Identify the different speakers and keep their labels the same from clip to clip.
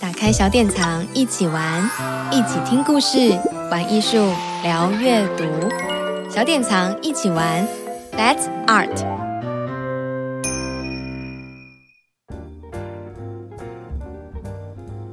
Speaker 1: 打開小典藏，一起玩，一起聽故事，玩藝術，聊閱讀。小典藏，一起玩，Let's Art。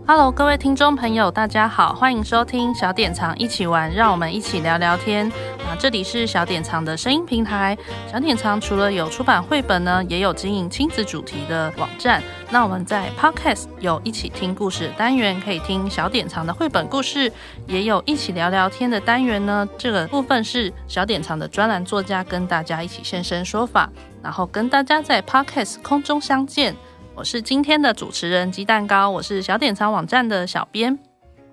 Speaker 2: Hello，各位聽眾朋友，大家好，歡迎收聽小典藏一起玩，讓我們一起聊聊天。這裡是小典藏的聲音平台。小典藏除了有出版繪本呢，也有經營親子主題的網站。那我們在 Podcast 有一起聽故事的單元，可以聽小典藏的繪本故事，也有一起聊聊天的單元呢。這個部分是小典藏的專欄作家跟大家一起現身說法，然後跟大家在 Podcast 空中相見。我是今天的主持人雞蛋糕，我是小典藏網站的小編。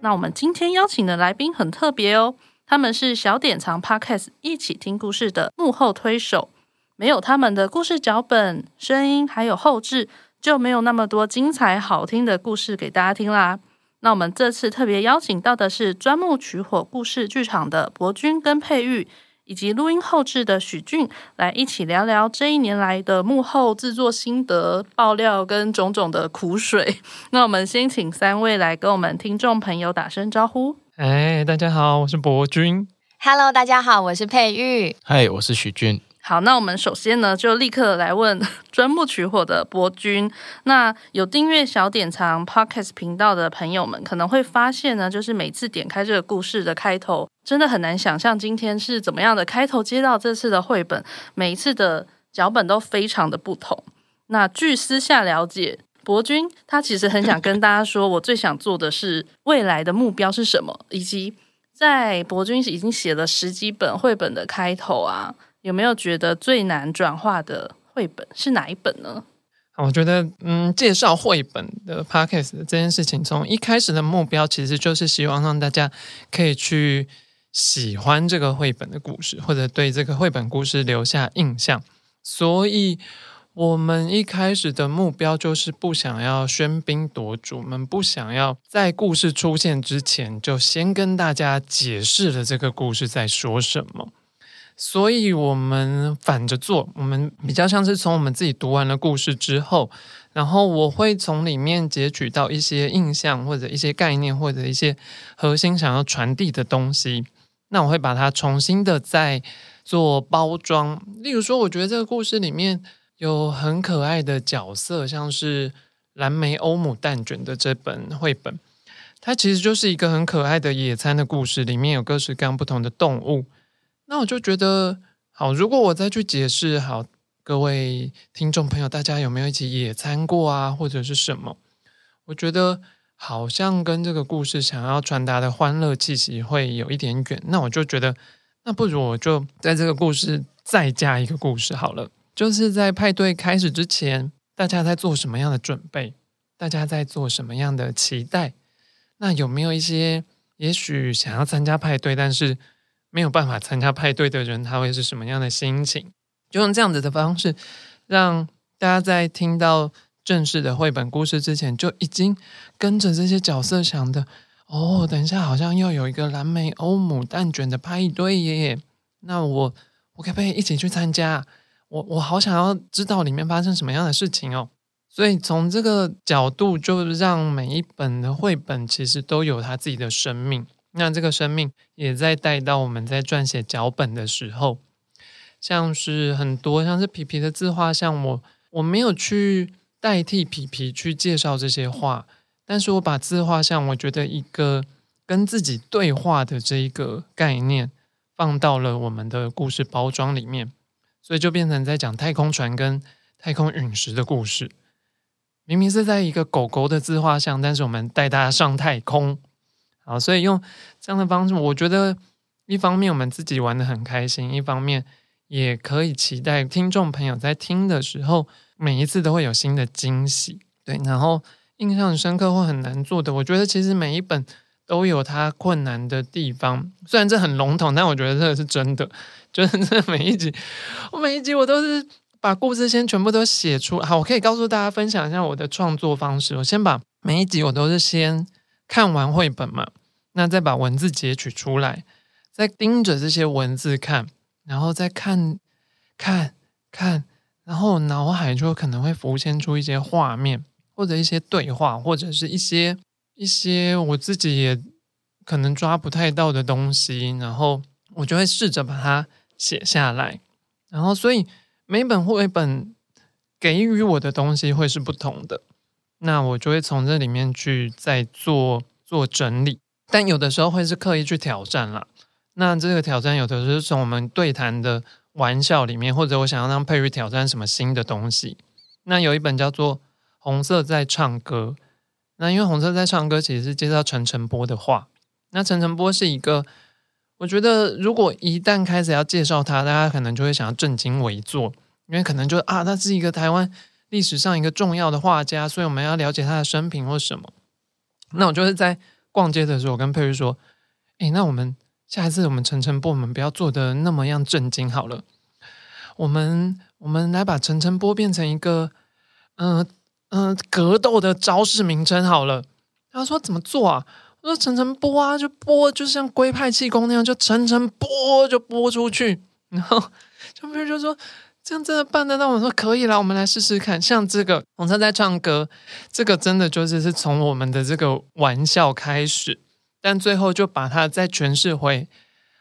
Speaker 2: 那我們今天邀請的來賓很特別哦。他們是小典藏 Podcast 一起聽故事的幕後推手，沒有他們的故事腳本、聲音還有後製，就沒有那麼多精彩好聽的故事給大家聽啦。那我們這次特別邀請到的是磚木取夥故事劇場的博鈞跟沛豫，以及錄音後製的許畯，來一起聊聊這一年來的幕後制作心得、爆料跟種種的苦水。那我們先請三位來跟我們聽眾朋友打聲招呼。
Speaker 3: 誒、hey，大家好，我是博鈞。
Speaker 2: Hello，大家好，我是沛豫。
Speaker 3: 嗨，hey，我是許畯。
Speaker 2: 好，那我們首先呢，就立刻來問磚木取夥的博鈞。那有訂閱小典藏 Podcast 頻道的朋友們，可能會發現呢，就是每次點開這個故事的開頭，真的很難想象今天是怎麼樣的開頭。接到這次的繪本，每一次的腳本都非常的不同。那據私下了解。博鈞他其實很想跟大家說，我最想做的是未來的目標是什麼，以及在博鈞已經寫了十幾本繪本的開頭啊，有沒有覺得最難轉化的繪本是哪一本呢？
Speaker 3: 我覺得，嗯，介紹繪本的 podcast 這件事情，從一開始的目標其實就是希望讓大家可以去喜歡這個繪本的故事，或者對這個繪本故事留下印象，所以。我們一開始的目標就是不想要喧賓奪主，我們不想要在故事出現之前就先跟大家解釋了這個故事在說什麼，所以我們反着做，我們比較像是從我們自己讀完了故事之後，然後我會從裡面截取到一些印象或者一些概念或者一些核心想要傳遞的東西，那我會把它重新的再做包裝。例如說，我覺得這個故事裡面。有很可愛的角色，像是藍莓歐姆蛋捲的這本繪本，它其實就是一個很可愛的野餐的故事，裡面有各式各樣不同的動物。那我就覺得，好，如果我再去解釋，好，各位聽眾朋友，大家有沒有一起野餐過啊，或者是什麼？我覺得好像跟這個故事想要傳達的歡樂氣息會有一點遠。那我就覺得，那不如我就在這個故事再加一個故事好了。就是在派對開始之前，大家在做什麼樣的準備？大家在做什麼樣的期待？那有沒有一些也許想要參加派對，但是沒有辦法參加派對的人，他會是什麼樣的心情？就用這樣子的方式，讓大家在聽到正式的繪本故事之前，就已經跟着這些角色想的：哦，等一下好像又有一個藍莓歐姆蛋捲的派對耶！那我我可不可以一起去參加？我我好想要知道裡面發生什麼樣的事情哦！所以從這個角度，就讓每一本的繪本其實都有它自己的生命。那這個生命也在帶到我們在撰寫腳本的時候，像是很多像是皮皮的自畫像我，我我沒有去代替皮皮去介紹這些畫，但是我把自畫像我覺得一個跟自己對話的這一個概念放到了我們的故事包裝裡面。所以就變成在講太空船跟太空隕石的故事，明明是在一個狗狗的自畫像，但是我們帶它上太空，好，所以用這樣的方式，我覺得一方面我們自己玩得很開心，一方面也可以期待聽眾朋友在聽的時候，每一次都會有新的驚喜，對，然後印象深刻或很難做的，我覺得其實每一本都有它困難的地方，雖然這很籠統，但我覺得這個是真的。就是這每一集，我 每一集我都是把故事先全部都寫出。好，我可以告訴大家分享一下我的創作方式。我先把每一集我都是先看完繪本嘛，那再把文字截取出來，再盯着這些文字看，然後再看看看，看，然後腦海就可能會浮現出一些畫面，或者一些對話，或者是一些一些我自己也可能抓不太到的東西，然後我就會試着把它。寫下來，然後所以每本繪本給予我的東西會是不同的，那我就會從這裡面去再做做整理。但有的時候會是刻意去挑戰啦，那這個挑戰有的時候是從我們對談的玩笑裡面，或者我想要讓沛豫挑戰什麼新的東西。那有一本叫做《紅色在唱歌》，那因為《紅色在唱歌》其實是介紹陳澄波的畫，那陳澄波是一個。我覺得，如果一旦開始要介紹他，大家可能就會想要正襟危坐，因為可能就啊，他是一個台灣歷史上一個重要的畫家，所以我們要了解他的生平或什麼。那我就是在逛街的時候我跟沛豫說：“哎，那我們下一次我們陳澄波，我們不要做的那麼樣正經好了，我們我們來把陳澄波變成一個，嗯、呃、嗯、呃，格鬥的招式名稱好了。”他說：“怎麼做啊？”我說：“澄澄波啊，就波，就像龜派氣功那樣，就澄澄波就播出去。然後，就比如就說，這樣真的辦得到？我說可以啦，我們來試試看。像這個，紅色在唱歌，這個真的就是是從我們的這個玩笑開始，但最後就把它再詮釋回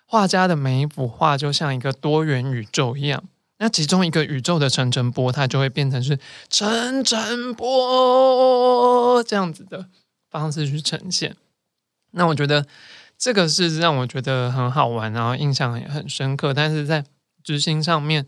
Speaker 3: 畫家的每一幅畫，就像一個多元宇宙一樣。那其中一個宇宙的澄澄波，它就會變成是澄澄波這樣子的方式去呈現。”那我覺得，這個是讓我覺得很好玩，然後印象也很深刻。但是在執行上面，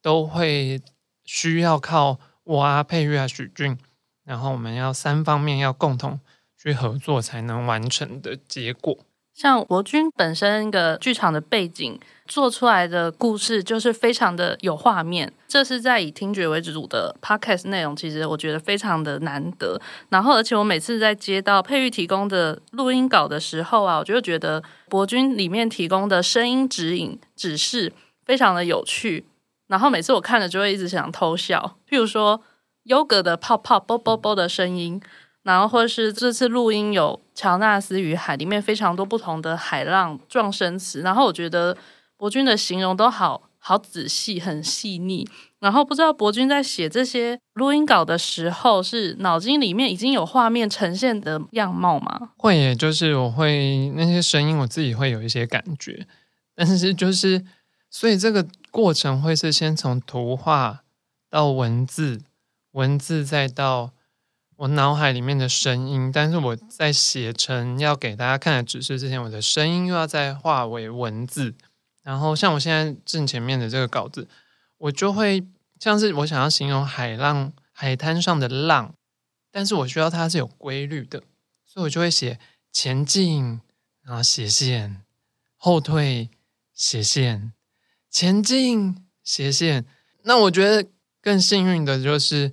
Speaker 3: 都會需要靠我啊、沛豫啊、許畯，然後我們要三方面要共同去合作，才能完成的結果。
Speaker 2: 像博鈞本身一個劇場的背景做出來的故事，就是非常的有畫面。這是在以聽覺為主的 podcast 內容，其實我覺得非常的難得。然後，而且我每次在接到沛豫提供的錄音稿的時候啊，我就覺得博鈞裡面提供的聲音指引指示非常的有趣。然後每次我看了就會一直想偷笑，譬如說優格的泡泡啵啵啵，啵的聲音。然後，或是這次錄音有喬納斯與海裡面非常多不同的海浪狀聲詞，然後我覺得博鈞的形容都好好仔細、很細膩。然後，不知道博鈞在寫這些錄音稿的時候，是腦筋裡面已經有畫面呈現的樣貌嗎？
Speaker 3: 會耶，就是我會那些聲音，我自己會有一些感覺，但是就是，所以這個過程會是先從圖畫到文字，文字再到。我腦海裡面的聲音，但是我在寫成要給大家看的指示之前，我的聲音又要再化為文字。然後像我現在正前面的這個稿子，我就會像是我想要形容海浪、海灘上的浪，但是我需要它是有規律的，所以我就會寫前進，然後斜線，後退斜線，前進斜線。那我覺得更幸運的就是。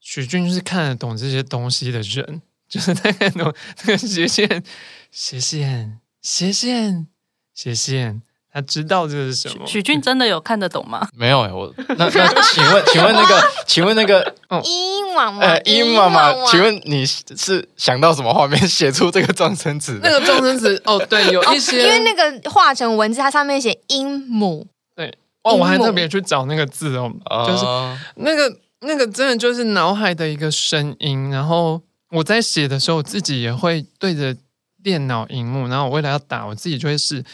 Speaker 3: 許畯是看得懂這些東西的人，就是他看懂那個斜線、斜線、斜線、斜線，他知道這是什
Speaker 4: 麼。許
Speaker 2: 畯真的有看得懂嗎？沒有、欸、我 那那請問，請問那個，
Speaker 4: 麼請問那個、嗯、
Speaker 2: 英王、呃、欸、英媽媽，請
Speaker 4: 問你是想到什麼畫
Speaker 3: 面寫出這個狀聲詞？那個狀聲詞哦，對，有一些、哦、因
Speaker 1: 為那個化成文字，它上面寫音母，對哦，母我還特別
Speaker 3: 去找那個字哦，就是、呃、那個。那個真的就是腦海的一個聲音，然後我在寫的時候，我自己也會對着電腦熒幕，然後我為了要打，我自己就會試，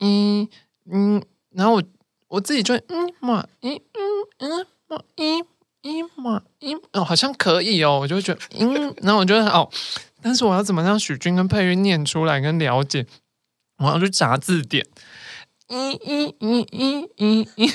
Speaker 3: 嗯嗯，然後我我自己就會嗯嘛，一、呃、嗯、呃呃、嗯嘛，一一嘛一，哦，好像可以哦，我就會覺得嗯，然後我覺得哦，但是我要怎麼讓許畯跟沛豫念出來跟了解，我要去查字典。一一一一一一，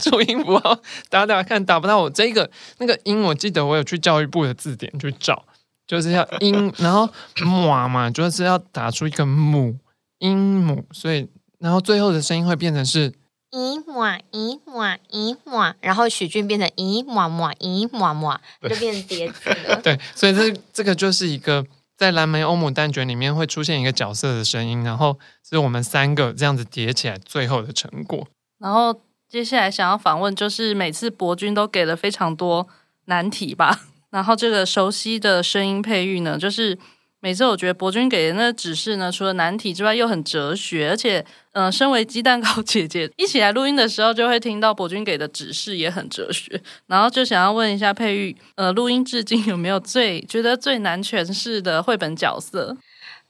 Speaker 3: 注音符號，打打看打不到我這個那個音。我記得我有去教育部的字典去找，就是要音，然後嘛嘛，就是要打出一個母音母，所以然後最後的聲音會變成是
Speaker 1: 一嘛一嘛一嘛，然後許畯變成一嘛嘛一嘛嘛，就變成
Speaker 3: 疊字了。對，所以這這個就是一個。在藍莓歐姆蛋捲裡面會出現一個角色的聲音，然後是我們三個這樣子疊起來最後的成果。
Speaker 2: 然後接下來想要訪問就是每次博鈞都給了非常多難題吧，然後這個熟悉的聲音配樂呢，就是。每次我覺得博鈞給的那個指示呢，除了難題之外，又很哲學，而且，嗯、呃，身為雞蛋糕姐姐一起來錄音的時候，就會聽到博鈞給的指示也很哲學，然後就想要問一下沛豫，呃，錄音至今有沒有最覺得最難詮釋的繪本角色？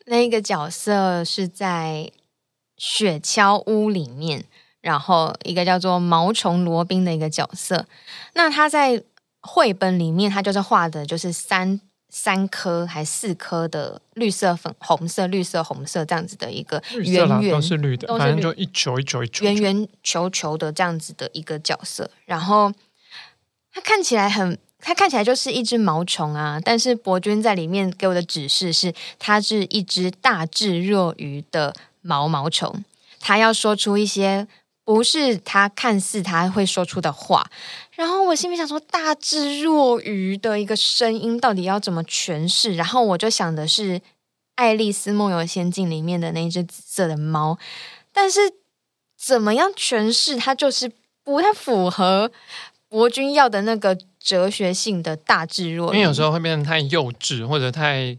Speaker 1: 那個角色是在雪橇屋裡面，然後一個叫做毛蟲羅賓的一個角色。那他在繪本裡面，他就是畫的就是三。三顆還是四顆的綠色粉、粉紅色、綠色、紅色這樣子的一個圓圓，綠色都是綠的，綠
Speaker 3: 反正就一球一球，一球
Speaker 1: 圓圓球球的這樣子的一個角色。嗯、然後它看起來很，它看起來就是一隻毛蟲啊。但是博鈞在裡面給我的指示是，它是一隻大智若愚的毛毛蟲，它要說出一些。不是他看似他會說出的話，然後我心裡想說“大智若愚”的一個聲音到底要怎麼詮釋？然後我就想的是《愛麗絲夢遊仙境》裡面的那只紫色的貓，但是怎麼樣詮釋它就是不太符合博鈞要的那個哲學性的“大智若愚”。因為有時候
Speaker 3: 會變得太幼稚，或者太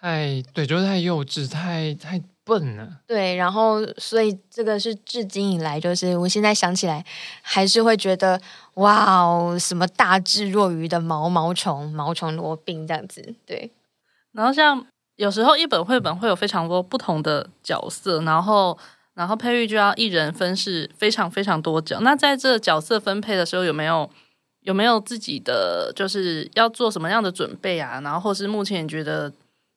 Speaker 3: 太，對，就是太幼稚，太太。笨呢、啊？
Speaker 1: 對，然後所以這個是至今以來，就是我現在想起來還是會覺得哇哦，什麼
Speaker 2: 大智若愚的毛毛蟲、毛蟲羅賓這樣子。對，然後像有時候一本繪本會有非常多不同的角色，然後然後沛豫就要一人分飾非常非常多角。那在這角色分配的時候，有沒有有沒有自己的就是要做什麼樣的準備啊？然後或是目前覺得？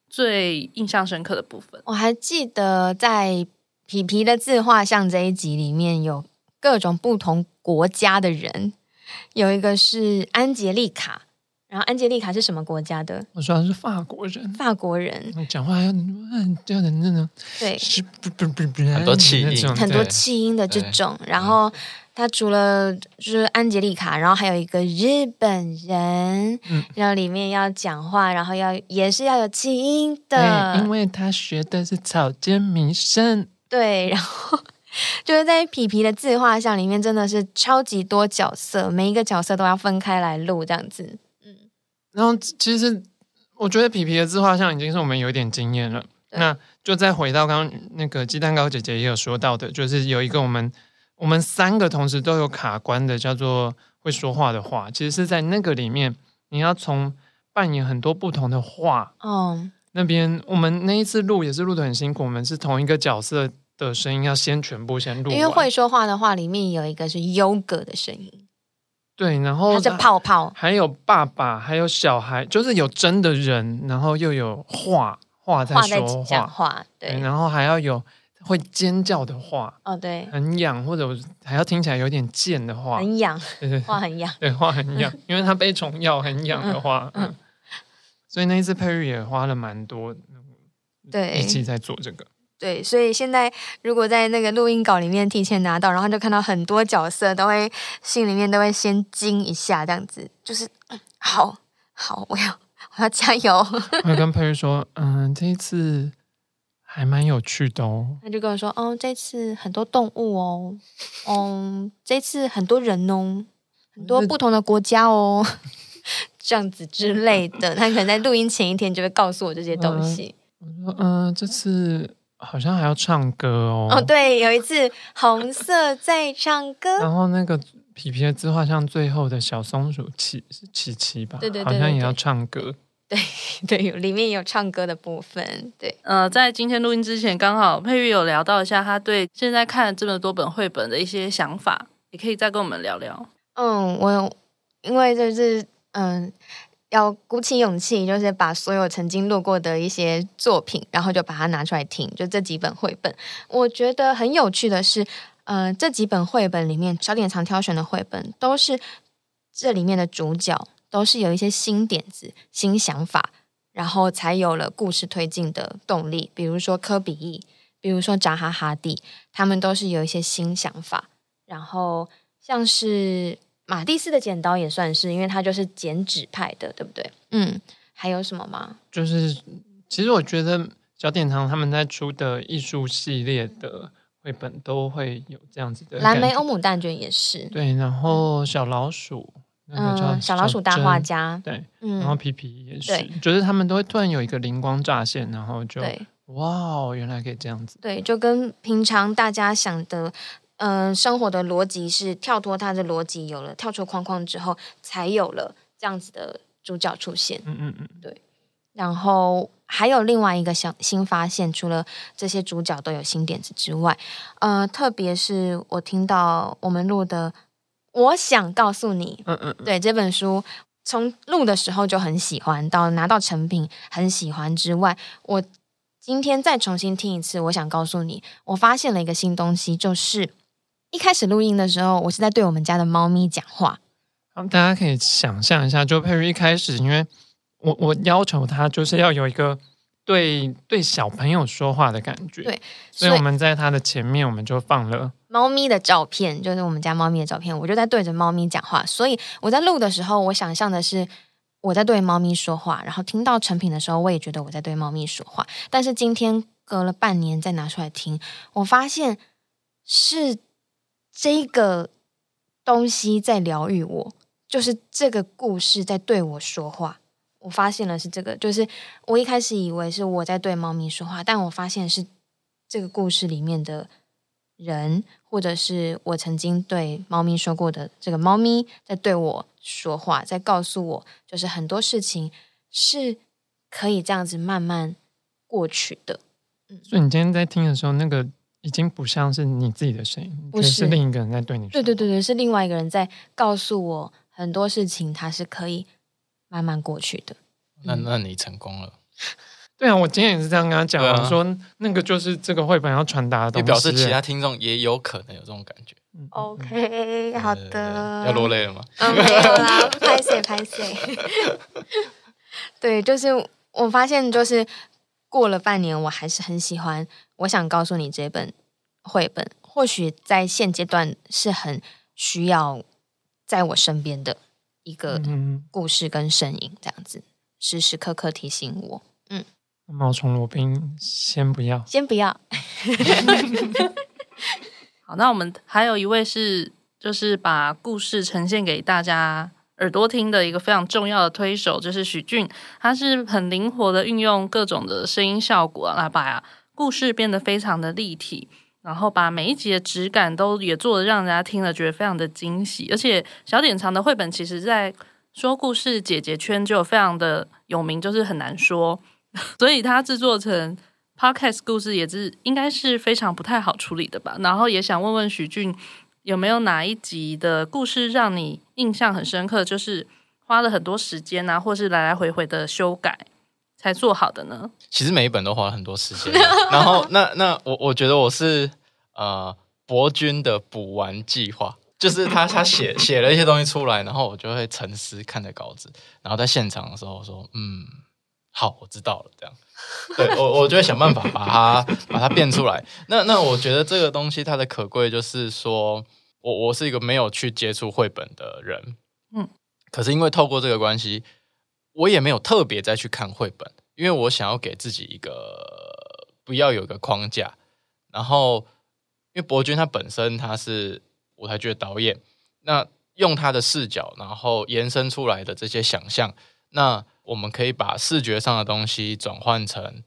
Speaker 2: 最印象深刻的部分，
Speaker 1: 我還記得在《皮皮的自畫像》這一集裡面有各種不同國家的人，有一個是安杰利卡，然後安杰利卡是什麼國家的？我說他是法國人。法國人，你講話要這樣子，對，是不不不不，很多氣音，很多氣音的這種，對對然後。對他除了就是安吉麗卡，然後還有一個日本人，嗯，然後裡面要講話，然後要也是要有配音的，對，因
Speaker 3: 為他學的是草間彌生，
Speaker 1: 對，然後就是在皮皮的自畫像裡面真的是超級多角色，每一個角色都要分開來錄這樣子，嗯，然後其實
Speaker 3: 我覺得皮皮的自畫像已經是我們有點經驗了，對那就再回到剛剛那個雞蛋糕姐姐也有說到的，就是有一個我們。我們三個同時都有卡關的，叫做會說話的畫，其實是在那個裡面，你要從扮演很多不同的畫哦，嗯、那邊我們那一次錄也是錄得很辛苦，我們是同一個角色的聲音，要先全部先錄。因為會
Speaker 1: 說話的畫裡面有一個是優格的聲音，
Speaker 3: 對，然後它是泡泡，還有爸爸，還有小孩，就是有真的人，然後又有畫畫在說話，畫畫對，對，然後還要有。會尖叫的話，哦，對，很癢，或者還要聽起來有點賤的話，很
Speaker 1: 癢，對，對，對，話很癢，
Speaker 3: 對，話很癢， 因為他被蟲咬很癢的話，嗯嗯嗯嗯，所以那一次沛豫也花了蠻多，
Speaker 1: 對，一起在做這個，對，所以現在如果在那個錄音稿裡面提前拿到，然後就看到很多角色都會心裡面都會先驚一下，這樣子就是好好，我要我要加油， 我
Speaker 3: 跟沛豫說，嗯，這一次。還蠻有趣的哦。他
Speaker 1: 就跟我說：“哦，這次很多動物哦，嗯、哦，這次很多人哦，很多不同的國家哦， 這樣子之類的。”他可能在錄音前一天就會告訴我這些東西。
Speaker 3: 我說、呃：“嗯、呃，這次好像還要唱歌哦。”哦，
Speaker 1: 對，有一次紅色在唱歌， 然後那個
Speaker 3: 皮皮的自畫像最後的小松鼠七七起吧，對對對，對對對，好像也要唱歌。對
Speaker 2: 對，有裡面有唱歌的部分。對，呃，在今天錄音之前，剛好沛豫有聊到一下，她對現在看了這麼多本繪本的一些想法，也可以再跟我們聊聊。嗯，
Speaker 1: 我因為就是嗯、呃，要鼓起勇氣，就是把所有曾經錄過的一些作品，然後就把它拿出來聽。就這幾本繪本，我覺得很有趣的是，嗯、呃，這幾本繪本裡面，小典藏挑選的繪本都是這裡面的主角，都是有一些新點子、新想法，然後才有了故事推進的動力。比如說柯比意，比如說扎哈哈蒂，他們都是有一些新想法。然後像是馬蒂斯的剪刀也算是，因為他就是剪紙派的，對不對？嗯，還有什麼嗎？就是其
Speaker 3: 實我覺得小典藏他們在出的藝術系列的繪本都會有這樣子的藍莓
Speaker 1: 歐姆蛋卷也是。對，
Speaker 3: 然後小老鼠。嗯，小老鼠大畫家，對，嗯、然後皮皮也是，就是對他們都會突然有一個靈光乍現，然後就，對，哇，原來可以這樣子，
Speaker 1: 對，就跟平常大家想的，嗯、呃，生活的邏輯是跳脫他的邏輯，有了跳出框框之後，才有了這樣子的主角出現，嗯嗯嗯，對，然後還有另外一個想新發現，除了這些主角都有新點子之外，呃，特別是我聽到我們錄的。我想告訴你，嗯嗯，嗯，對，這本書，從錄的時候就很喜歡，到拿到成品很喜歡之外，我今天再重新聽一次，我想告訴你，我發現了一個新東西，就是一開始錄音的時候，我是在對我們家的貓咪講話，然後
Speaker 3: 大家可以想象一下，就沛豫一開始，因為我我要求他就是要有一個對對小朋友說話的感覺，對，所以，所以我們在他的前面我們就放了。
Speaker 1: 貓咪的照片，就是我們家貓咪的照片，我就在對着貓咪講話，所以我在錄的時候，我想象的是我在對貓咪說話，然後聽到成品的時候，我也覺得我在對貓咪說話。但是今天隔了半年再拿出來聽，我發現是這個東西在療癒我，就是這個故事在對我說話。我發現了是這個，就是我一開始以為是我在對貓咪說話，但我發現是這個故事裡面的。人，或者是我曾經對貓咪說過的，這個貓咪在對我說話，在告訴我，就是很多事情是可以這樣子慢慢過去的。
Speaker 3: 嗯，所以你今天在聽的時候，那個已經不像是你自己的聲音，
Speaker 4: 不是，是另一個人在對你
Speaker 1: 說。對對對對，是另外一個人在告訴我，很多事情它是可以慢慢過去的。嗯，那那
Speaker 3: 你成功了。對啊，我今天也是這樣跟他講，我、啊、說那個就是這個繪本要傳達的東西，也表示其他聽眾也有
Speaker 4: 可能有這種感覺。
Speaker 1: OK，好的，嗯、要落淚了嗎？o 沒有啦，拍謝， 拍謝。對，就是我發現，就是過了半年，我還是很喜歡，我想告訴你，這本繪本或許在現階段是很需要在我身邊的一個故事跟聲音，這樣子、嗯、時時刻刻提醒我。嗯。
Speaker 3: 冒充羅賓，先不要，
Speaker 2: 先不要。 好，那我們還有一位是，就是把故事呈現給大家耳朵聽的一個非常重要的推手，就是許畯，他是很靈活的運用各種的聲音效果來把故事變得非常的立體，然後把每一集的質感都也做得讓人家聽了覺得非常的驚喜，而且小典藏的繪本其實，在說故事姐姐圈就非常的有名，就是很難說。所以他製作成 podcast 故事也，就是應該是非常不太好處理的吧。然後也想問問許畯，有沒有哪一集的故事讓你印象很深刻？就是花了很多時間啊，或是來來回回的修改才做好的呢？其
Speaker 4: 實每一本都花了很多時間、啊。 然後那那我我覺得我是呃博鈞的補完計劃，就是他他寫寫 了一些東西出來，然後我就會沉思看着稿子，然後在現場的時候我說嗯。好，我知道了。這樣，對，我我就會想辦法把它 把它變出來。那那我覺得這個東西它的可貴就是說，我我是一個沒有去接觸繪本的人，嗯，可是因為透過這個關係，我也沒有特別再去看繪本，因為我想要給自己一個不要有個框架。然後，因為博鈞他本身他是舞台劇的導演，那用他的視角，然後延伸出來的這些想象，那。我們可以把視覺上的東西轉換成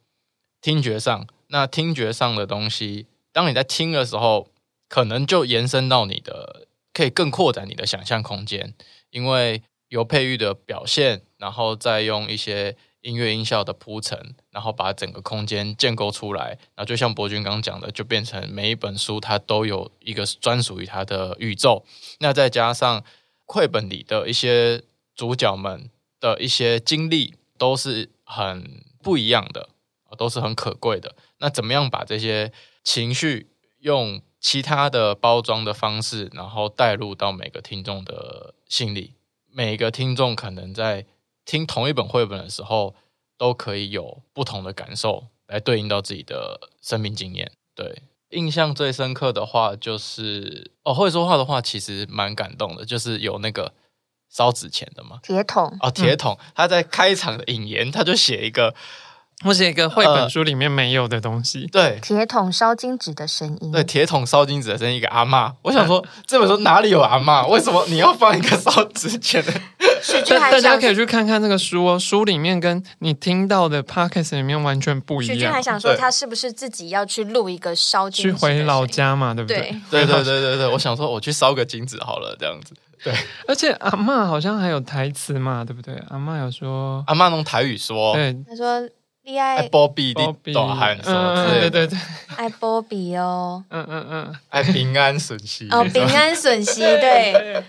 Speaker 4: 聽覺上，那聽覺上的東西，當你在聽的時候，可能就延伸到你的，可以更擴展你的想象空間。因為有配樂的表現，然後再用一些音樂音效的鋪陳，然後把整個空間建構出來，那就像博鈞剛講的，就變成每一本書它都有一個專屬於它的宇宙。那再加上繪本裡的一些主角們。的一些經歷都是很不一樣的，都是很可貴的。那怎麼樣把這些情緒用其他的包裝的方式，然後帶入到每個聽眾的心裡？每一個聽眾可能在聽同一本繪本的時候，都可以有不同的感受，來對應到自己的生命經驗。對，印象最深刻的話就是哦，會說話的畫其實蠻感動的，就是有那個。燒紙錢的
Speaker 1: 嗎？鐵桶哦，鐵
Speaker 4: 桶！嗯。他在開場的引言，他就寫一個。我寫一個繪本書裡面沒有的東西，對，
Speaker 1: 鐵桶燒金紙的聲音，對，
Speaker 4: 鐵桶燒金紙的聲音，音，一個阿媽，我想說、啊、這本書哪裡有阿媽？ 為什麼你要放一個燒紙錢
Speaker 1: 呢？大家可以
Speaker 3: 去看看這個書哦，書裡面跟你聽到的 podcast 裡面完全不
Speaker 4: 一樣。許畯還想說，他
Speaker 1: 是不是自己要去錄一個燒金？去回
Speaker 3: 老家嘛，
Speaker 1: 對不對？
Speaker 4: 對對對對對，我想說我去燒個金紙好了，這樣子。對，
Speaker 3: 而且阿媽好像還有台詞嘛，對不對？阿媽有說，阿媽用台語說，對，他說。
Speaker 1: 愛波
Speaker 4: 比大的大漢、嗯嗯、對對對，
Speaker 1: 愛波比哦，嗯
Speaker 3: 嗯嗯，嗯嗯愛平
Speaker 4: 安順息 哦，平安順息，
Speaker 1: 對，
Speaker 4: 對，對，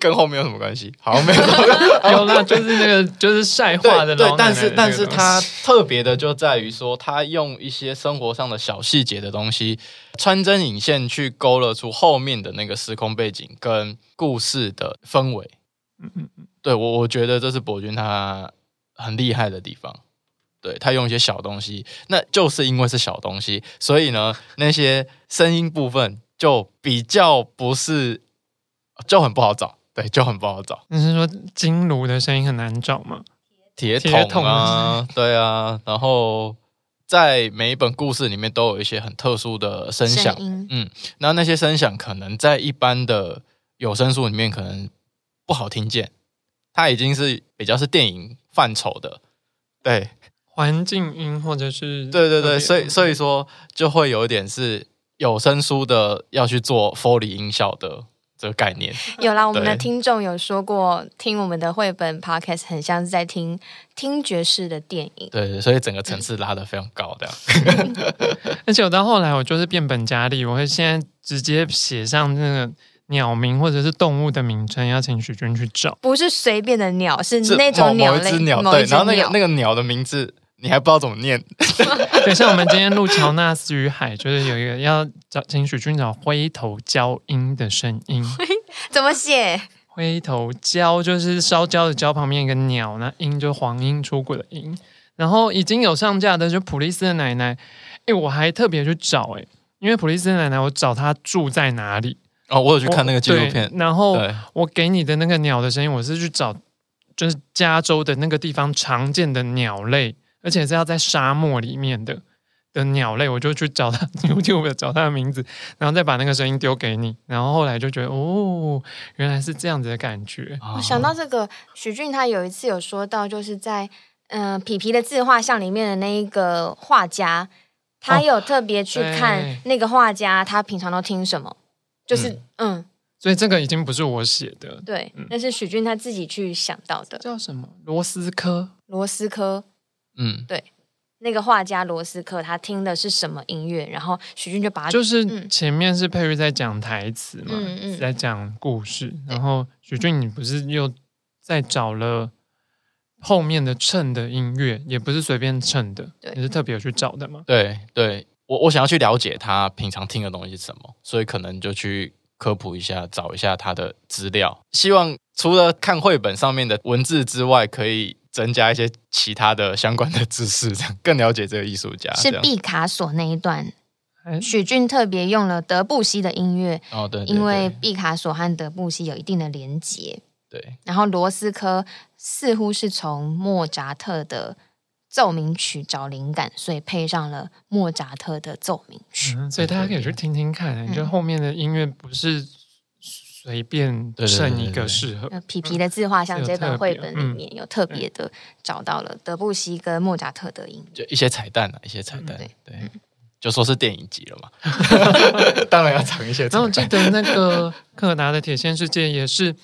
Speaker 4: 跟後面有什麼關係？好像沒有什麼關係， 有那就是那個就是曬畫的，奶奶的那個對，對，但是但是他特別的就在於說，他用一些生活上的小細節的東西，穿針引線去勾勒出後面的那個時空背景跟故事的氛圍，嗯，對我我覺得這是博鈞他很厲害的地方。”對，他用一些小東西，那就是因為是小東西，所以呢，那些聲音部分就比較不是，就很不好找。對，就很不好找。你是
Speaker 3: 說金爐的聲音很難找嗎？鐵桶啊，桶
Speaker 4: 對啊。然後在每一本故事裡面都有一些很特殊的聲響。聲 嗯，那那些聲響可能在一般的有聲書裡面可能不好聽見，它已經是比較是電影範疇的，對。
Speaker 3: 環境音或者是，對對對，元所以
Speaker 4: 所以說就會有一點是有聲書的要去做 Foley 音效的這個概念。有啦，對我們的聽
Speaker 1: 眾有說過，聽我們的繪本 podcast 很像是在聽聽覺式的電影。對，
Speaker 4: 所以整個層次拉得非常高的。
Speaker 3: 而且我到後來我就是變本加厲，我會現在直接寫上那個鳥名或者是動物的名稱，要請許畯去找。
Speaker 1: 不是隨便的鳥，是那種鳥類。對，然後那個
Speaker 3: 那個鳥的名字。你還不知道怎麼念？ 等一下，我們今天錄喬納斯與海，就是有一個要找，請許畯找灰頭鷦鶯的聲音。
Speaker 1: 怎麼寫寫？
Speaker 3: 灰頭鷦就是燒焦的焦旁邊一個鳥，那鶯就是黃鶯出谷的鶯。然後已經有上架的，就普利斯的奶奶。哎、欸，我還特別去找、欸、因為普利斯的奶奶，我找她住在哪裡。哦，我有去看那個紀錄片。然後對我給你的那個鳥的聲音，我是去找就是加州的那個地方常見的鳥類。而且是要在沙漠裡面的的鳥類，我就去找他 ，YouTube 找他的名字，然後再把那個聲音丟給你。然後後來就覺得，哦，原來是這樣子的感覺。我想到
Speaker 1: 這個，許畯他有一次有說到，就是在嗯、呃，皮皮的自畫像裡面的那一個畫家，
Speaker 3: 他有
Speaker 1: 特別去看那個畫家，他平常都聽什麼？就是嗯，
Speaker 3: 嗯，所以這個已經不是我寫的，對，
Speaker 1: 那、嗯、是許畯他自己去想到的，叫什麼？
Speaker 3: 羅斯科，
Speaker 1: 羅斯科。嗯，對，那個畫家羅斯科，他聽的是什麼音樂？然後許畯就把他就是
Speaker 3: 前面是沛豫在講台詞嘛，嗯嗯，在講故事。嗯、然後許畯，你不是又在找了後面的襯的音樂，也不是隨便襯的，你、嗯、是特別有去找的嗎？
Speaker 4: 對，對我我想要去了解他平常聽的東西是什麼，所以可能就去科普一下，找一下他的資料。希望除了看繪本上面的文字之外，可以。增加一些其他的相關的知識，這樣更了解這個藝術家。是畢卡
Speaker 1: 索那一段，許畯特別用了德布西的音樂，哦對，因為畢卡索和德布西有一定的連結。對，然後羅斯科似乎是從莫扎特的奏鳴曲找靈感，所以配上了莫扎特的奏鳴曲，
Speaker 3: 嗯。所以大家可以去聽聽看，欸，因為、嗯、後面的音樂不是。隨便的，剩一個適合。對對對對，皮皮
Speaker 1: 的自畫像這本繪本裡面有特別的找到了德布西跟莫扎特的音樂，就一
Speaker 4: 些彩蛋啊，一些彩蛋，對，對就說是電影集了嘛，
Speaker 3: 當然要藏一些。然後我記得那個柯爾達的鐵線世界也是，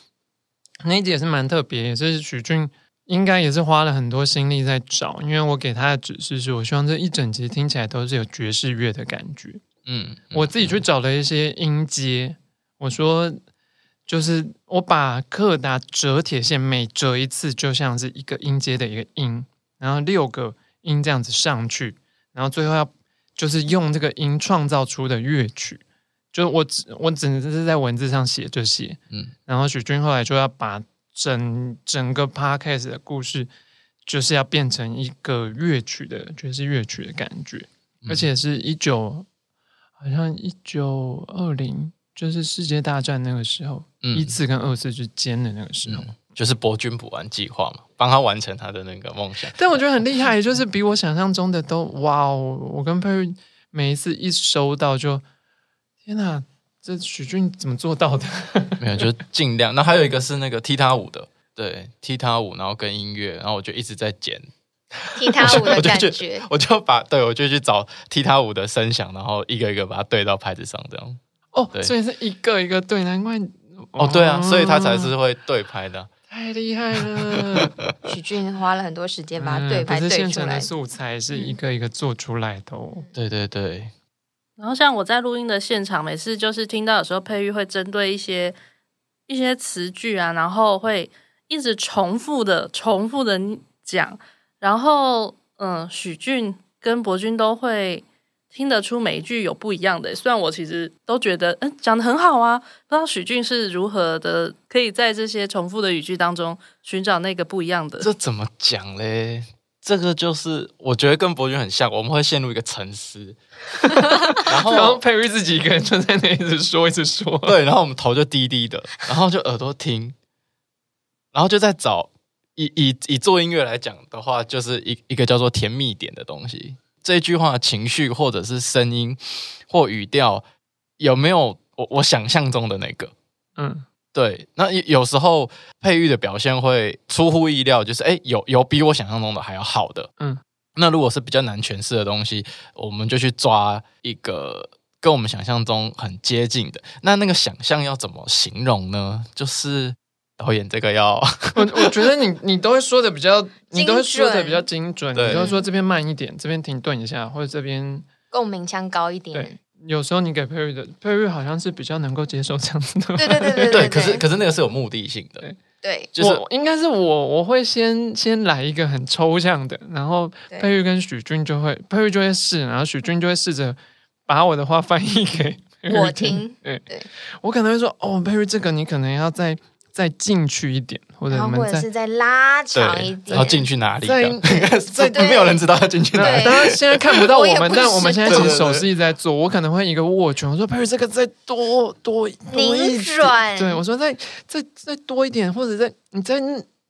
Speaker 3: 那一集也是蠻特別，也是許畯應該也是花了很多心力在找，因為我給他的指示是我希望這一整集聽起來都是有爵士樂的感覺。嗯，嗯，我自己去找了一些音階，我說。就是我把柯達折鐵線每折一次，就像是一個音階的一個音，然後六個音這樣子上去，然後最後要就是用這個音創造出的樂曲，就是我只我只能是在文字上寫這些，嗯，然後許畯後來就要把整整個 p a r k c a 的故事，就是要變成一個樂曲的，就是樂曲的感覺，嗯，而且是一九，好像一九二零。就是世界大戰那個時候，嗯、一次跟二次之間的那個時候，嗯、就是
Speaker 4: 博鈞補完計劃嘛，幫他完成他的那個夢想。但我覺得很
Speaker 3: 厲害，就是比我想象中的都哇、哦！我跟沛豫每一次一收到就，天哪、啊，這許畯怎麼做到的？沒有、嗯，就是盡量。那還有一個是那個踢踏
Speaker 4: 舞的，對，踢踏舞，然後跟音樂，然後我就一直在剪
Speaker 1: 踢踏舞的感覺，我就，
Speaker 4: 我，就我就把對，我就去找踢踏舞的聲響，然後一個一個把它對到拍子上，這樣。
Speaker 3: 哦，對所以是一個一個對，難怪哦，哦，對啊，啊所以他才是會
Speaker 4: 對拍的，
Speaker 1: 太
Speaker 2: 厲害了，許 畯花了很多時間把對拍，嗯、的對出來的。不是現成的
Speaker 3: 素材，是一個一個做出來的，哦，嗯、對對對。
Speaker 2: 然後像我在錄音的現場，每次就是聽到有時候沛豫會針對一些一些詞句啊，然後會一直重複的、重複的講，然後嗯，許畯跟博鈞都會。聽得出每一句有不一樣的，雖然我其實都覺得，嗯，講得很好啊。不知道許畯是如何的，可以在這些重複的語句當中尋找那個不一樣的。這怎
Speaker 4: 麼講嘞？這個就是我覺得跟博鈞很像，我們會陷入一個沉思， 然後沛豫自己一個人就在那一直說一直說。 後對，然後我們頭就低低的，然後就耳朵聽， 然後就在找。以以以做音樂來講的話，就是一一個叫做甜蜜點的東西。這一句話情緒或者是聲音或語調有沒有我我想象中的那個？嗯，對。那有時候配樂的表現會出乎意料，就是哎、欸，有有比我想象中的還要好的。
Speaker 3: 嗯，
Speaker 4: 那如果是比較難詮釋的東西，我們就去抓一個跟我們想象中很接近的。那那個想象要怎麼形容呢？就是。導演，這個要
Speaker 3: 我，我覺得你你都會說的比較，你都會說的比較精準。你都說，這邊慢一點，這邊停頓一下，或者這邊
Speaker 1: 共鳴腔高一點。對。
Speaker 3: 有時候你給沛豫的，沛豫好像是比較能夠接受這樣子的。對，可是可是那個是有目的性的。對，
Speaker 1: 對就是
Speaker 3: 應該是我我會先先來一個很抽象的，然後沛豫跟許畯就會，沛豫就會試，然後許畯就會試着把我的話翻譯給聽我聽。對，對我可能會說哦，沛豫這個你可能要再。再進去一點，或者我們再
Speaker 1: 或者是在拉長一點。然後進去哪裡？再沒有人知道他進去哪裡。對、啊，現在看不到我們，我但我們現在其實手勢
Speaker 3: 一直在做。對對對，我可能會一個握拳，我說沛豫，這個再多多，多一點。軟對，我說再再再多一點，或者再你再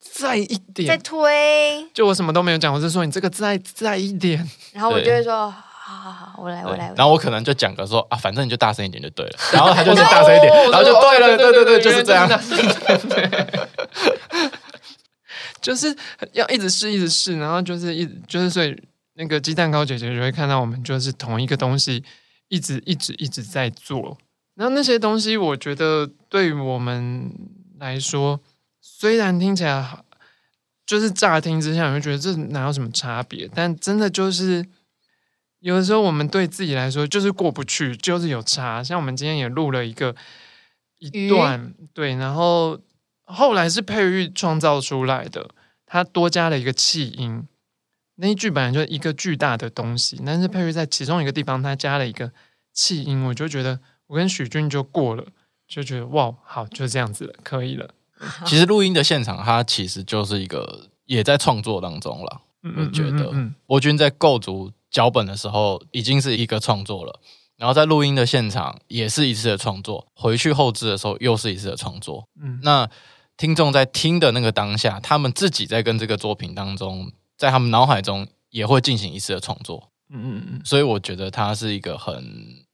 Speaker 1: 再一點，再推。
Speaker 3: 就我什麼都沒有講，我是說你這個再再一點，然
Speaker 1: 後我就會說。啊好好好，我來，我來，對我來
Speaker 4: 然後我可能就講個說啊，反正你就大聲一點就對了，然後他就大聲一點， No! 然後就對了，對對對，就是這樣 對，
Speaker 3: 就是要一直試，一直試，然後就是一，就是所以那個雞蛋糕姐姐就會看到我們就是同一個東西，一直一直一直在做，然後那些東西我覺得對於我們來說，雖然聽起來好就是乍聽之下你會覺得這哪有什麼差別，但真的就是。有的時候，我們對自己來說就是過不去，就是有差。像我們今天也錄了一個一段，嗯、對，然後後來是沛豫創造出來的，他多加了一個氣音。那一句本來就一個巨大的東西，但是沛豫在其中一個地方他加了一個氣音，我就覺得我跟許畯就過了，就覺得哇，好，就這樣子了，可以了。
Speaker 4: 其實錄音的現場，它其實就是一個也在創作當中
Speaker 3: 了。嗯嗯嗯嗯我覺得，
Speaker 4: 我軍在構築。腳本的時候已經是一個創作了，然後在錄音的現場也是一次的創作，回去後製的時候又是一次的創作。嗯，那聽眾在聽的那個當下，他們自己在跟這個作品當中，在他們腦海中也會進行一次的創作。嗯嗯嗯。所以我覺得它是一個很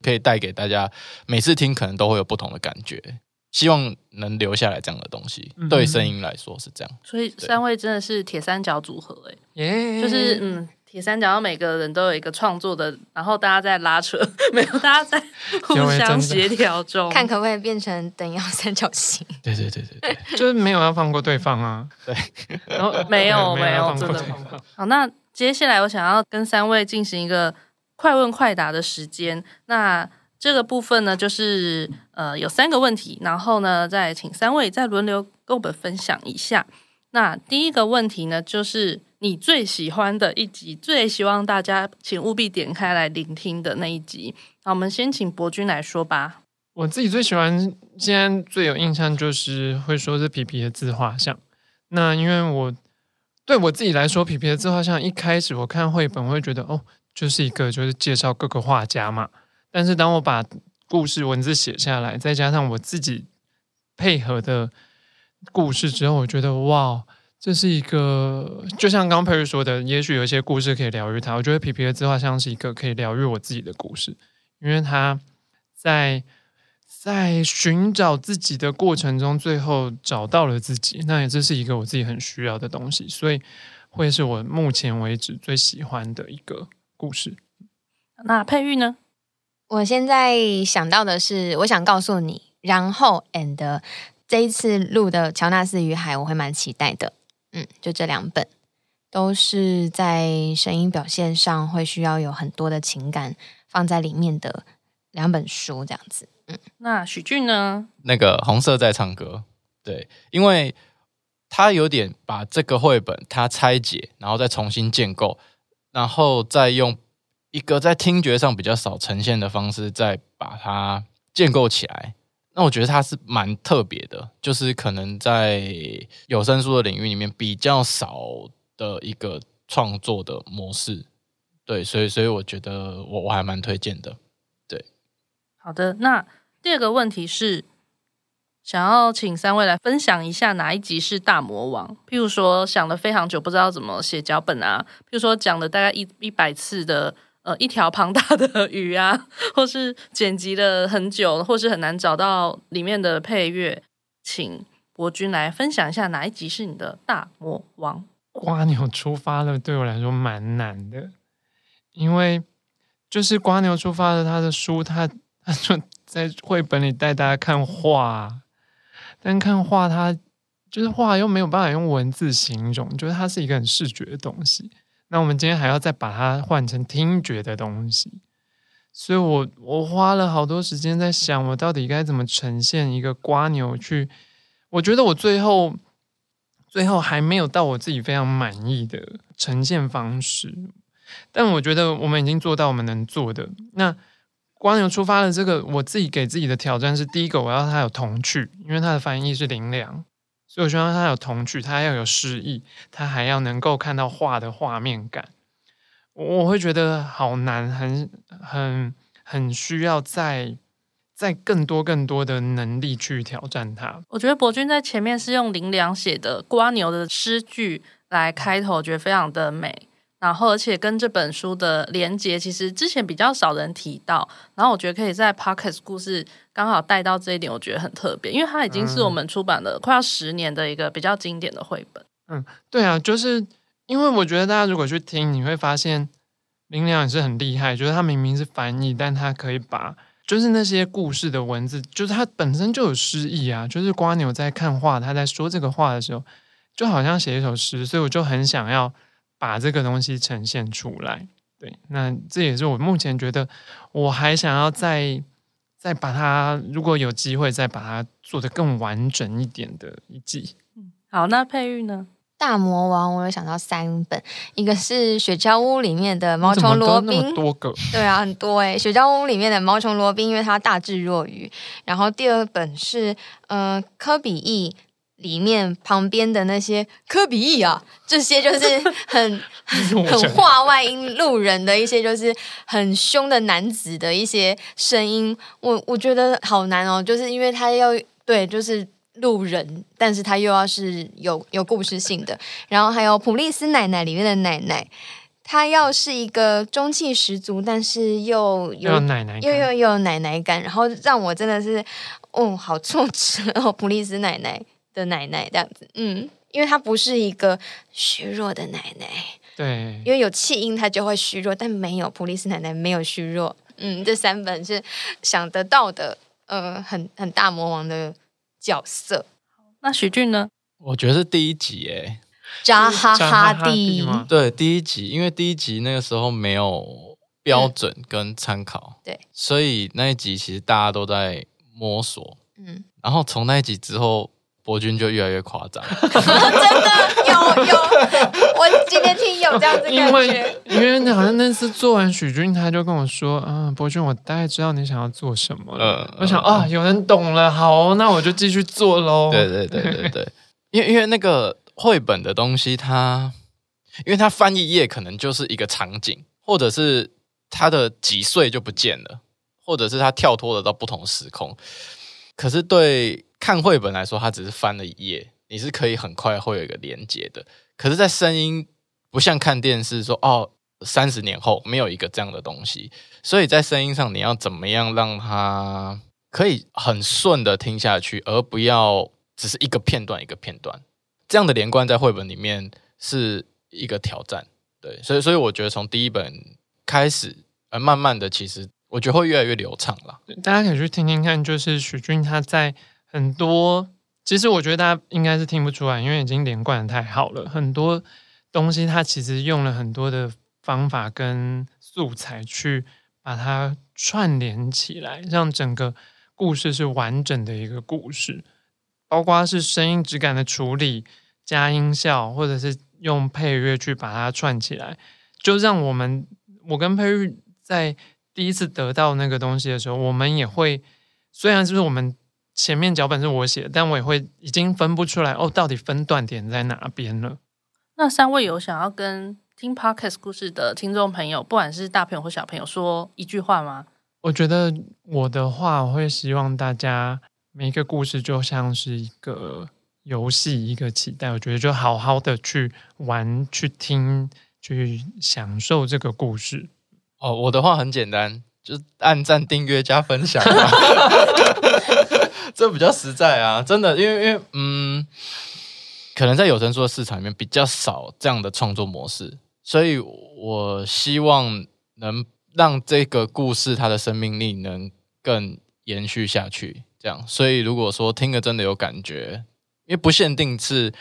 Speaker 4: 可以帶給大家，每次聽可能都會有不同的感覺，希望能留下來這樣的東西。嗯、對聲音來說是這樣。
Speaker 2: 所以三位真的是鐵三角組合、欸，哎 Yeah，就是嗯。鐵三角，每個人都有一個創作的，然後大家在拉扯，沒有，大家在互相協調中， 看可不可以變成等腰三角形。
Speaker 3: 對，對，對對對對，就是沒有要放過對方啊。 對、
Speaker 4: 哦，沒有對沒有，沒有放
Speaker 2: 過真的對方。好，那接下來我想要跟三位進行一個快問快答的時間。那這個部分呢，就是呃有三個問題，然後呢再請三位再輪流跟我們分享一下。那第一個問題呢，就是。你最喜歡的一集，最希望大家請務必點開來聆聽的那一集。好，我們先請博鈞來說吧。
Speaker 3: 我自己最喜歡，今天最有印象就是會說是皮皮的自畫像。那因為我對我自己來說，皮皮的自畫像一開始我看繪本我會覺得哦，就是一個就是介紹各個畫家嘛。但是當我把故事文字寫下來，再加上我自己配合的故事之後，我覺得哇。這是一個，就像剛沛豫說的，也許有一些故事可以療癒他。我覺得皮皮的自畫像是一個可以療癒我自己的故事，因為他在在尋找自己的過程中，最後找到了自己。那也這是一個我自己很需要的東西，所以會是我目前為止最喜歡的一個故事。
Speaker 1: 那沛豫呢？我現在想到的是，我想告訴你，然後 and 這一次錄的喬納斯與海，我會蠻期待的。嗯，就這兩本都是在聲音表現上會需要有很多的情感放在裡面的兩本書，這樣子。嗯，
Speaker 2: 那許畯呢？
Speaker 4: 那個紅色在唱歌，對，因為他有點把這個繪本他拆解，然後再重新建構，然後再用一個在聽覺上比較少呈現的方式，再把它建構起來。那我覺得它是蠻特別的，就是可能在有聲書的領域裡面比較少的一個創作的模式，對，所以所以我覺得我我還蠻推薦的，對。
Speaker 2: 好的，那第二個問題是，想要請三位來分享一下哪一集是大魔王？譬如說想了非常久，不知道怎麼寫腳本啊，譬如說講了大概一一百次的。呃，一條龐大的魚啊，或是剪輯了很久，或是很難找到裡面的配樂，請博鈞來分享一下哪一集是你的大魔王？
Speaker 3: 蝸牛出發了，對我來說蠻難的，因為就是蝸牛出發的他的書他，他他在繪本裡帶大家看畫、啊，但看畫他就是畫又沒有辦法用文字形容，就是它是一個很視覺的東西。那我們今天還要再把它換成聽覺的東西，所以我，我我花了好多時間在想，我到底該怎麼呈現一個蝸牛去。我覺得我最後，最後還沒有到我自己非常滿意的呈現方式，但我覺得我們已經做到我們能做的。那蝸牛出發了，這個我自己給自己的挑戰是：第一個，我要它有童趣，因為它的翻譯是零兩“靈糧”。所以，我希望他有童趣，他要有詩意，他還要能夠看到畫的畫面感。我，我會覺得好難，很、很、很需要再再更多更多的能力去挑戰他。
Speaker 2: 我覺得博鈞在前面是用林良寫的蝸牛的詩句來開頭，覺得非常的美。然後，而且跟這本書的連結其實之前比較少人提到。然後，我覺得可以在 Podcast 故事剛好帶到這一點，我覺得很特別，因為它已經是我們出版了快要十年的一個比較經典的繪本。嗯，
Speaker 3: 對啊，就是因為我覺得大家如果去聽，你會發現林良也是很厲害，就是他明明是翻譯，但他可以把就是那些故事的文字，就是它本身就有詩意啊。就是蝸牛在看畫，他在說這個畫的時候，就好像寫一首詩，所以我就很想要。把這個東西呈現出來，對，那這也是我目前覺得我還想要再再把它，如果有機會再把它做得更完整一點的一季。嗯，
Speaker 2: 好，那沛豫
Speaker 1: 呢？大魔王，我有想到三本，一個是《雪橇屋》裡面的毛蟲羅賓，多個， 對啊，很多哎、欸，《雪橇屋》裡面的毛蟲羅賓，因為他大智若愚。然後第二本是呃柯比意。裡面旁邊的那些柯比意啊，這些就是很很，很畫外音路人的一些，就是很凶的男子的一些聲音。我我覺得好難哦，就是因為他要對，就是路人，但是他又要是有有故事性的。然後還有普利斯奶奶裡面的奶奶，她要是一個中氣十足，但是又，有，又有奶奶又又有奶奶感，然後讓我真的是，哦，好挫折哦，普利斯奶奶。的奶奶這樣子，嗯，因為她不是一個虛弱的奶奶，對，因為有氣音她就會虛弱，但沒有普利斯奶奶沒有虛弱，嗯，這三本是想得到的，呃，很很大魔王的角色。那許畯呢？
Speaker 4: 我覺得是第一集，欸，誒。
Speaker 1: 扎哈哈地，哈哈地
Speaker 4: 對，第一集，因為第一集那個時候沒有標準跟參考，嗯，對，所以那一集其實大家都在摸索，嗯，然後從那一集之後。博君就越來越誇張，
Speaker 2: 真的有有，
Speaker 1: 我今天聽有這樣子
Speaker 3: 的感覺因。因為好像那次做完許畯，他就跟我說：“啊，博鈞，我大概知道你想要做什麼了。嗯”我想：“啊，有人懂了，好、哦，那我就繼續做嘍。”對對對對對， 因為因為那個
Speaker 4: 繪本的東西它，它因為它翻一頁可能就是一個場景，或者是它的幾歲就不見了，或者是它跳脫了到不同時空。可是對。看繪本來說，它只是翻了一頁，你是可以很快會有一個連接的。可是在，在聲音不像看電視說哦，三十年後沒有一個這樣的東西，所以在聲音上你要怎麼樣讓它可以很順的聽下去，而不要只是一個片段一個片段這樣的連貫，在繪本裡面是一個挑戰。對，所以所以我覺得從第一本開始，而慢慢的其實我覺得會越來越流暢了。
Speaker 3: 大家可以去聽聽看，就是許畯他在。很多，其實我覺得大家應該是聽不出來，因為已經連貫的太好了。很多東西它其實用了很多的方法跟素材去把它串聯起來，讓整個故事是完整的一個故事。包括是聲音質感的處理、加音效，或者是用配樂去把它串起來，就讓我們我跟沛豫在第一次得到那個東西的時候，我們也會，雖然就是我們。前面腳本是我寫，但我也會已經分不出來哦，到底分段點在哪邊了？
Speaker 2: 那三位有想要跟聽 Podcast 故事的聽眾朋友，不管是大朋友或小朋友，說一句話嗎？
Speaker 3: 我覺得我的話，我會希望大家每一個故事就像是一個遊戲，一個期待。我覺得就好好的去玩、去聽、去享受這個故事。
Speaker 4: 哦，我的話很簡單，就按讚、訂閱、加分享啊。 這比較實在啊，真的，因為因為嗯，可能在有聲書的市場裡面比較少這樣的創作模式，所以我希望能讓這個故事它的生命力能更延續下去。這樣，所以如果說聽的真的有感覺，因為不限定是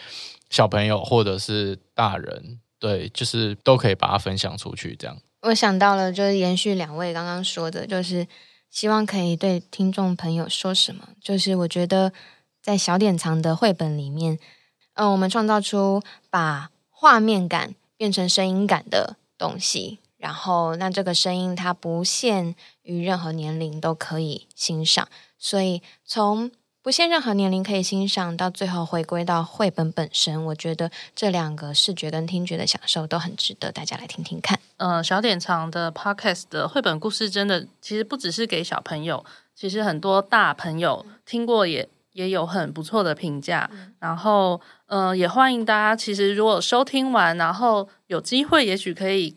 Speaker 4: 小朋友或者是大人，對，就是都可以把它分享出去。這樣，
Speaker 1: 我想到了，就是延續兩位剛剛說的，就是。希望可以對聽眾朋友說什麼？就是我覺得，在小典藏的繪本裡面，嗯、呃，我們創造出把畫面感變成聲音感的東西，然後讓這個聲音它不限於任何年齡都可以欣賞，所以從，不限任何年齡可以欣賞，到最後回歸到繪本本身，我覺得
Speaker 2: 這兩個視覺跟聽覺的享受都很值得大家來聽聽看。嗯、呃，小典藏的 podcast 的繪本故事真的其實不只是給小朋友，其實很多大朋友聽過也、嗯、也有很不錯的評價。嗯、然後，嗯、呃，也歡迎大家，其實如果收聽完，然後有機會，也許可以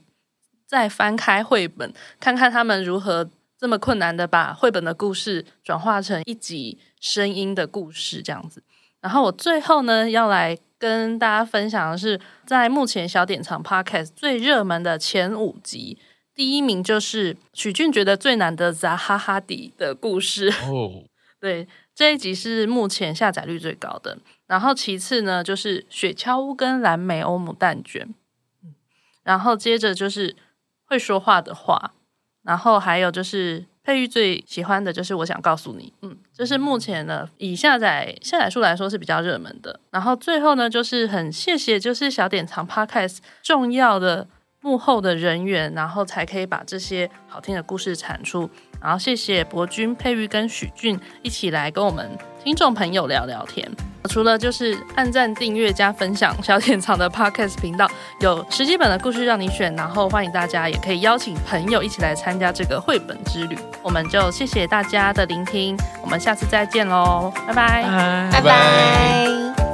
Speaker 2: 再翻開繪本，看看他們如何這麼困難的把繪本的故事轉化成一集。聲音的故事這樣子，然後我最後呢要來跟大家分享的是，在目前小典藏 Podcast 最熱門的前五集，第一名就是許畯覺得最難的扎哈哈迪的故事、oh. 對，這一集是目前下載率最高的，然後其次呢就是雪橇屋跟藍莓歐姆蛋卷，嗯，然後接着就是會說話的畫，然後還有就是。沛豫最喜歡的就是我想告訴你，嗯，就是目前呢，以下載下載數來說是比較熱門的。然後最後呢，就是很謝謝，就是小典藏 Podcast 重要的。幕後的人員，然後才可以把這些好聽的故事產出。然後謝謝博鈞、沛豫跟許畯一起來跟我們聽眾朋友聊聊天。除了就是按讚、訂閱加分享小典藏的 Podcast 頻道，有十幾本的故事讓你選。然後歡迎大家也可以邀請朋友一起來參加這個繪本之旅。我們就謝謝大家的聆聽，我們下次再見嘍，拜拜，拜拜 bye。Bye bye